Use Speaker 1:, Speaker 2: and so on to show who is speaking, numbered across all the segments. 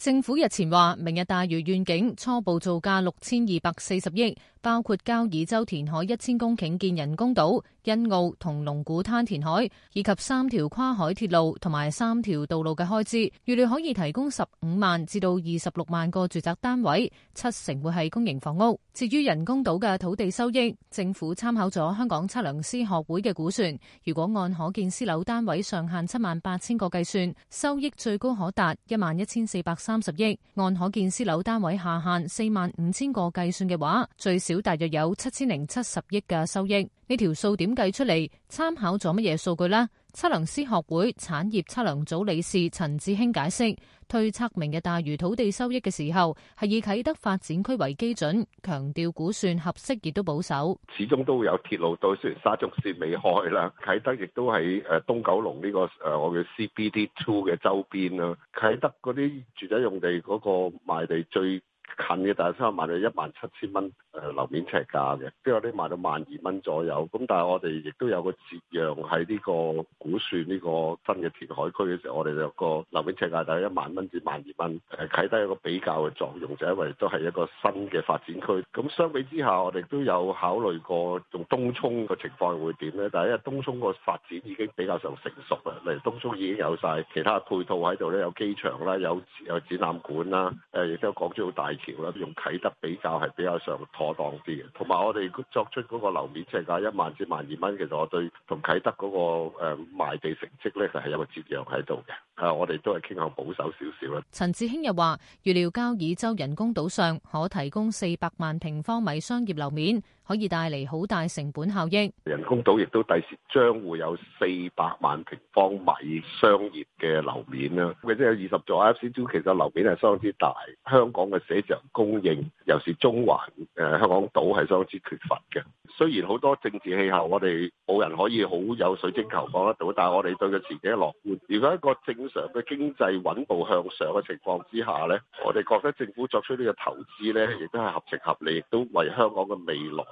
Speaker 1: 政府日前話，明日大嶼願景初步造價六千二百四十億，包括交椅洲填海一千公頃建人工島、欣澳同龍鼓灘填海，以及三條跨海鐵路同埋三條道路嘅開支，預料可以提供十五萬至到二十六萬個住宅單位，七成會係公營房屋。至於人工島嘅土地收益，政府參考咗香港測量師學會嘅估算，如果按可建私樓單位上限七萬八千個計算，收益最高可達一萬一千四百。三十億，按可建私樓單位下限四萬五千個計算嘅話，最少大約有七千零七十億嘅收益。呢條數點計出嚟？參考咗乜嘢數據呢？測量師學會產業測量組理事陳志興解釋，推測明日大嶼土地收益嘅時候，係以啟德發展區為基準，強調估算合適亦都保守。
Speaker 2: 始終都會有鐵路到，雖然沙中線未開啦，啟德亦都喺誒東九龍呢個誒我嘅 CBD two 嘅周邊啦，啟德嗰啲住宅用地嗰個賣地最...近嘅大廈賣到一萬七千蚊誒樓面尺價嘅，都有啲賣到萬二蚊左右。咁但係我哋亦都有個折讓喺呢個估算呢個新嘅填海區嘅時候，我哋有個樓面尺價大概一萬蚊至萬二蚊誒，啟德一個比較嘅作用，就係、因為都係一個新嘅發展區。咁相比之下，我哋都有考慮過用東涌嘅情況會點咧？但係因為東涌個發展已經比較上成熟啦，例如東涌已經有晒其他配套喺度咧，有機場啦，有有，有展覽館啦，誒亦都有港珠澳大。條咧用啟德比較係比較上妥當啲嘅，同埋我哋作出嗰個樓面地價一萬至萬二蚊，其實我對同啟德嗰、那個誒、呃、賣地成績咧就係有一個折讓喺度嘅。啊！我哋都係傾向保守少少
Speaker 1: 啦。陳志興又話：預料交椅洲人工島上可提供四百萬平方米商業樓面，可以帶嚟好大成本效益。
Speaker 2: 人工島亦都第時將會有四百萬平方米商業嘅樓面啦。咁即係二十座 IFC，其實樓面係相當之大。香港嘅寫字樓供應，尤其中環，誒，香港島係相當之缺乏嘅。雖然好多政治氣候，我哋冇人可以好有水晶球放得到，但係我哋對佢自己樂觀。如果一個政上嘅經濟穩步向上嘅情況之下呢，我哋覺得政府作出呢個投資呢，亦都係合情合理，亦都為香港嘅未來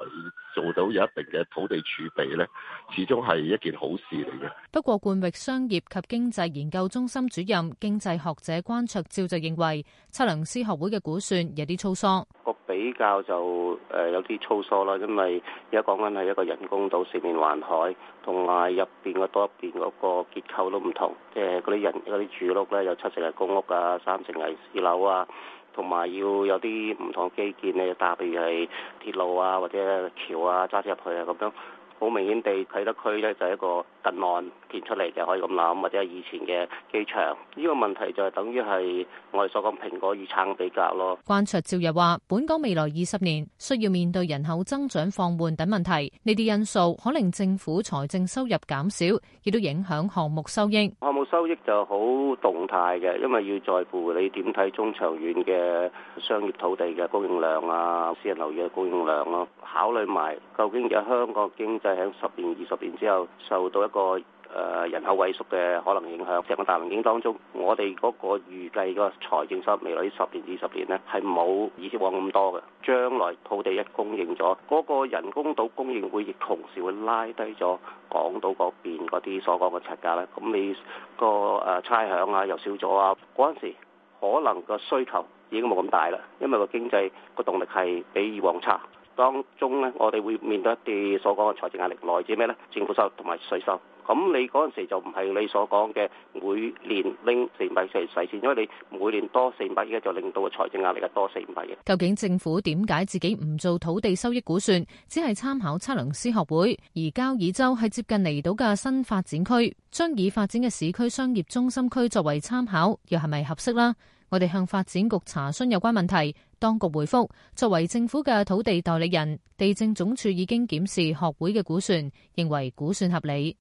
Speaker 2: 做到有一定嘅土地儲備呢，始終係一件好事嚟嘅。
Speaker 1: 不過，冠域商業及經濟研究中心主任經濟學者關卓照就認為，測量師學會嘅估算有啲粗疏。
Speaker 3: 教就誒有啲粗疏啦，因為而家講緊係一個人工島四面環海，同埋入邊個多一邊嗰個結構都唔同，即係嗰啲人嗰啲住屋咧有七成係公屋啊，三成係私樓啊，同埋要有啲唔同嘅基建咧，搭譬如係鐵路啊或者橋啊，揸車入去啊咁樣。好明顯地啟德區咧，就係一個近岸建出嚟嘅，可以咁諗，或者係以前嘅機場呢個問題就係等於係我哋所講蘋果與橙比較咯。
Speaker 1: 關卓照又話本港未來二十年需要面對人口增長放緩等問題，呢啲因素可令政府財政收入減少，亦都影響項目收益。
Speaker 3: 項目收益就好動態嘅，因為要在乎你點睇中長遠嘅商業土地嘅供應量啊，私人樓宇嘅供應量咯，啊。考慮埋究竟嘅香港經濟。喺十年、二十年之後受到一個誒、呃、人口萎縮嘅可能影響，成個大環境當中，我哋嗰個預計個財政收入未來十年、二十年呢係冇以往咁多嘅。將來土地一供應咗，嗰、那個人工島供應會亦同時會拉低咗港島嗰邊嗰啲所講嘅尺價咧。咁你個誒差餉啊又少咗啊，嗰陣時可能個需求已經冇咁大啦，因為個經濟個動力係比以往差。當中呢，我哋會面對一啲所講嘅財政壓力來自咩呢？政府收入同埋稅收。咁你嗰陣時就唔係你所講嘅每年拎四五百嘅利錢，因為你每年多四五百億就令到嘅財政壓力係多四五百億。
Speaker 1: 究竟政府點解自己唔做土地收益估算，只係參考測量師學會？而交椅洲係接近離島嘅新發展區，將已發展嘅市區商業中心區作為參考，又係咪合適啦？我哋向發展局查詢有關問題，當局回覆：作為政府嘅土地代理人，地政總署已經檢視學會嘅估算，認為估算合理。